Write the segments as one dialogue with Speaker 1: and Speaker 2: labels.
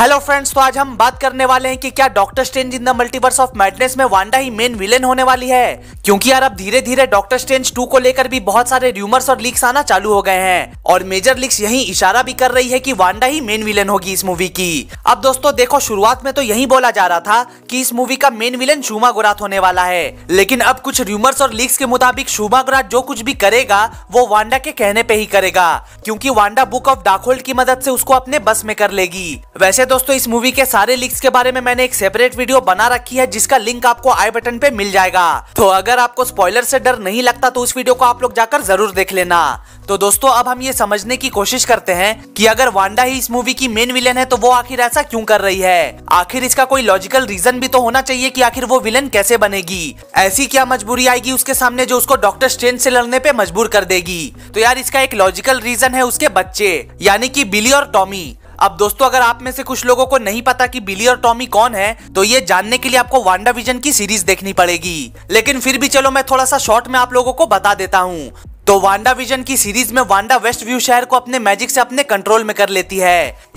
Speaker 1: hello friends तो आज हम बात करने वाले हैं कि क्या Doctor Strange in the Multiverse of Madness में वांडा ही मेन विलेन होने वाली है क्योंकि यार अब धीरे धीरे डॉक्टर स्ट्रेंज 2 को लेकर भी बहुत सारे र्यूमर्स और लीक्स आना चालू हो गए हैं और मेजर लीक्स यही इशारा भी कर रही है कि वांडा ही मेन विलेन होगी इस मूवी की अब दोस्तों देखो शुरुआत में तो यही बोला जा रहा था की इस मूवी का मेन विलेन शुमा गुरात होने वाला है लेकिन अब कुछ र्यूमर्स और लीक्स के मुताबिक शुमा गुरात जो कुछ भी करेगा वो वांडा के कहने पे ही करेगा क्यूँकी वांडा बुक ऑफ डाकोल्ड की मदद से उसको अपने बस में कर लेगी वैसे दोस्तों इस मूवी के सारे लिंक्स के बारे में मैंने एक सेपरेट वीडियो बना रखी है जिसका लिंक आपको आई बटन पे मिल जाएगा तो अगर आपको स्पॉइलर से डर नहीं लगता तो उस वीडियो को आप लोग जाकर जरूर देख लेना तो दोस्तों अब हम ये समझने की कोशिश करते हैं कि अगर वांडा ही इस मूवी की मेन विलेन है तो वो आखिर ऐसा क्यों कर रही है आखिर इसका कोई लॉजिकल रीजन भी तो होना चाहिए कि आखिर वो विलन कैसे बनेगी ऐसी क्या मजबूरी आएगी उसके सामने जो उसको डॉक्टर स्ट्रेंज से लड़ने पे मजबूर कर देगी तो यार इसका एक लॉजिकल रीजन है उसके बच्चे यानी की बिली और टॉमी अब दोस्तों अगर आप में से कुछ लोगों को नहीं पता कि बिली और टॉमी कौन है तो ये जानने के लिए आपको वांडा विजन की सीरीज देखनी पड़ेगी लेकिन फिर भी चलो मैं थोड़ा सा शॉर्ट में आप लोगों को बता देता हूँ तो वांडा विजन की सीरीज में वांडा वेस्ट व्यू शहर को अपने मैजिक से अपने कंट्रोल में कर लेती है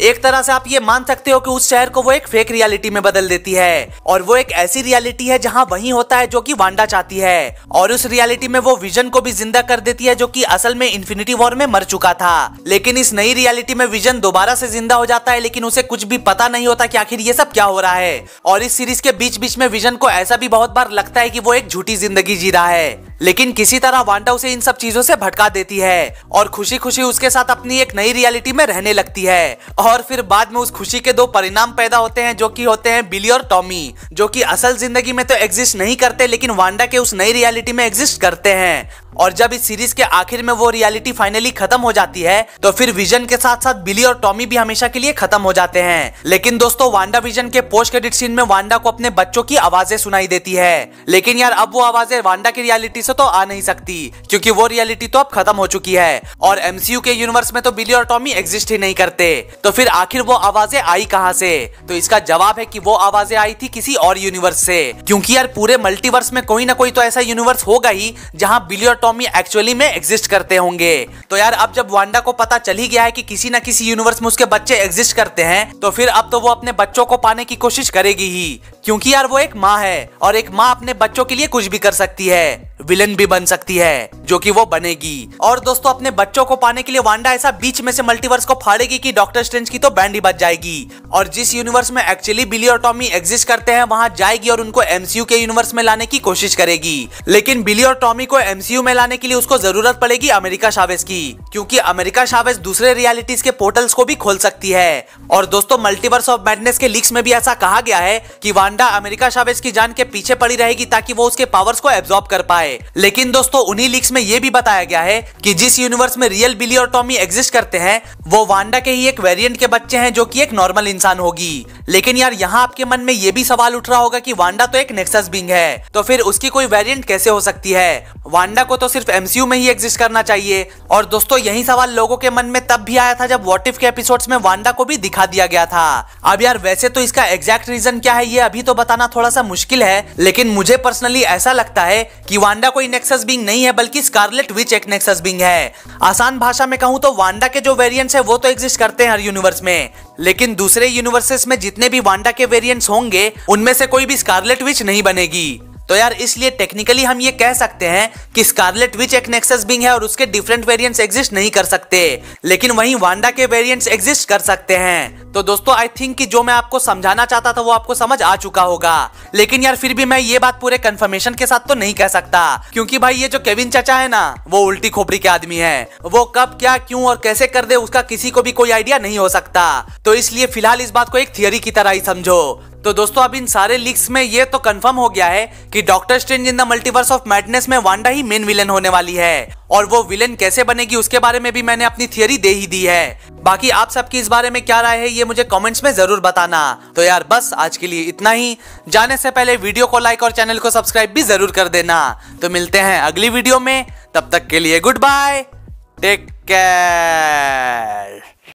Speaker 1: एक तरह से आप ये मान सकते हो कि उस शहर को वो एक फेक रियलिटी में बदल देती है और वो एक ऐसी रियलिटी है जहाँ वही होता है जो की वांडा चाहती है और उस रियलिटी में वो विजन को भी जिंदा कर देती है जो की असल में इन्फिनिटी वॉर में मर चुका था लेकिन इस नई रियलिटी में विजन दोबारा से जिंदा हो जाता है लेकिन उसे कुछ भी पता नहीं होता की आखिर ये सब क्या हो रहा है और इस सीरीज के बीच बीच में विजन को ऐसा भी बहुत बार लगता है की वो एक झूठी जिंदगी जी रहा है लेकिन किसी तरह वांडा उसे इन सब चीजों से भटका देती है और खुशी खुशी उसके साथ अपनी एक नई रियलिटी में रहने लगती है और फिर बाद में उस खुशी के दो परिणाम पैदा होते हैं जो की होते हैं बिली और टॉमी जो की असल जिंदगी में तो एग्जिस्ट नहीं करते लेकिन वांडा के उस नई रियलिटी में एग्जिस्ट करते हैं और जब इस सीरीज के आखिर में वो रियलिटी फाइनली खत्म हो जाती है तो फिर विजन के साथ साथ बिली और टॉमी भी हमेशा के लिए खत्म हो जाते हैं लेकिन दोस्तों वांडा विजन के पोस्ट क्रेडिट सीन में वांडा को अपने बच्चों की आवाजें सुनाई देती है लेकिन यार अब वो आवाजें वांडा की रियलिटी से तो आ नहीं सकती क्योंकि वो रियलिटी तो अब खत्म हो चुकी है और एमसीयू के यूनिवर्स में तो बिली और टॉमी एग्जिस्ट ही नहीं करते तो फिर आखिर वो आवाजें आई कहाँ से तो इसका जवाब है की वो आवाजें आई थी किसी और यूनिवर्स से क्यूँकी यार पूरे मल्टीवर्स में कोई ना कोई तो ऐसा यूनिवर्स होगा ही जहाँ बिली और टॉमी एक्चुअली में एग्जिस्ट करते होंगे तो यार अब जब वांडा को पता चल ही गया है कि किसी ना किसी यूनिवर्स में उसके बच्चे एग्जिस्ट करते हैं तो फिर अब तो वो अपने बच्चों को पाने की कोशिश करेगी ही क्योंकि यार वो एक माँ है और एक माँ अपने बच्चों के लिए कुछ भी कर सकती है विलन भी बन सकती है जो कि वो बनेगी और दोस्तों अपने बच्चों को पाने के लिए वांडा ऐसा बीच में से मल्टीवर्स को फाड़ेगी कि डॉक्टर स्ट्रेंज की तो बैंड ही बच जाएगी और जिस यूनिवर्स में एक्चुअली बिली और टॉमी एग्जिस्ट करते हैं वहां जाएगी और उनको एमसीयू के यूनिवर्स में लाने की कोशिश करेगी लेकिन बिली और टॉमी को एमसीयू में लाने के लिए उसको जरूरत पड़ेगी अमेरिका शावेज की क्योंकि अमेरिका शावेज दूसरे रियालिटीज के पोर्टल्स को भी खोल सकती है और दोस्तों मल्टीवर्स ऑफ मैडनेस के लीक्स में भी ऐसा कहा गया है की वांडा वांडा अमेरिका शावेज की जान के पीछे पड़ी रहेगी ताकि वो उसके पावर्स को एब्जॉर्ब कर पाए लेकिन दोस्तों उन्हीं लीक्स में ये भी बताया गया है कि जिस यूनिवर्स में रियल बिली और टॉमी एग्जिस्ट करते हैं वो वांडा के ही एक वेरियंट के बच्चे हैं जो की एक नॉर्मल इंसान होगी लेकिन यार यहाँ आपके मन में ये भी सवाल उठ रहा होगा की वांडा तो एक नेक्सस बिंग है तो फिर उसकी कोई वेरियंट कैसे हो सकती है वांडा को तो सिर्फ एमसीयू में ही एग्जिस्ट करना चाहिए और दोस्तों यही सवाल लोगों के मन में तब भी आया था जब वॉटिफ के एपिसोड्स में वांडा को भी दिखा दिया गया था अब यार वैसे तो इसका एग्जैक्ट रीजन क्या है ये अभी तो बताना थोड़ा सा मुश्किल है लेकिन मुझे पर्सनली ऐसा लगता है कि वांडा कोई नेक्सस बिंग नहीं है बल्कि स्कारलेट विच एक नेक्सस बिंग है आसान भाषा में कहूँ तो वांडा के जो वेरियंट्स है वो तो एग्जिस्ट करते हैं हर यूनिवर्स में लेकिन दूसरे यूनिवर्सेस में जितने भी वांडा के वेरियंट्स होंगे उनमें से कोई भी स्कारलेट विच नहीं बनेगी तो यार इसलिए टेक्निकली हम ये कह सकते हैं कि स्कारलेट विच एक नेक्सस बिंग है और उसके डिफरेंट वेरियंट एग्जिस्ट नहीं कर सकते लेकिन वही वांडा के वेरियंट एग्जिस्ट कर सकते हैं तो दोस्तों आई थिंक कि जो मैं आपको समझाना चाहता था वो आपको समझ आ चुका होगा लेकिन यार फिर भी मैं ये बात पूरे कंफर्मेशन के साथ तो नहीं कह सकता क्योंकि भाई ये जो केविन चाचा है ना वो उल्टी खोपड़ी के आदमी है वो कब क्या क्यों और कैसे कर दे उसका किसी को भी कोई आइडिया नहीं हो सकता तो इसलिए फिलहाल इस बात को एक थियरी की तरह ही समझो तो दोस्तों अब इन सारे लीक्स में ये तो कंफर्म हो गया है कि Doctor Strange in the Multiverse of Madness में वांडा ही मेन विलन होने वाली है और वो विलन कैसे बनेगी उसके बारे में भी मैंने अपनी थियोरी दे ही दी है बाकी आप सबकी इस बारे में क्या राय है ये मुझे कमेंट्स में जरूर बताना तो यार बस आज के लिए इतना ही जाने से पहले वीडियो को लाइक और चैनल को सब्सक्राइब भी जरूर कर देना तो मिलते हैं अगली वीडियो में तब तक के लिए गुड बाय टेक केयर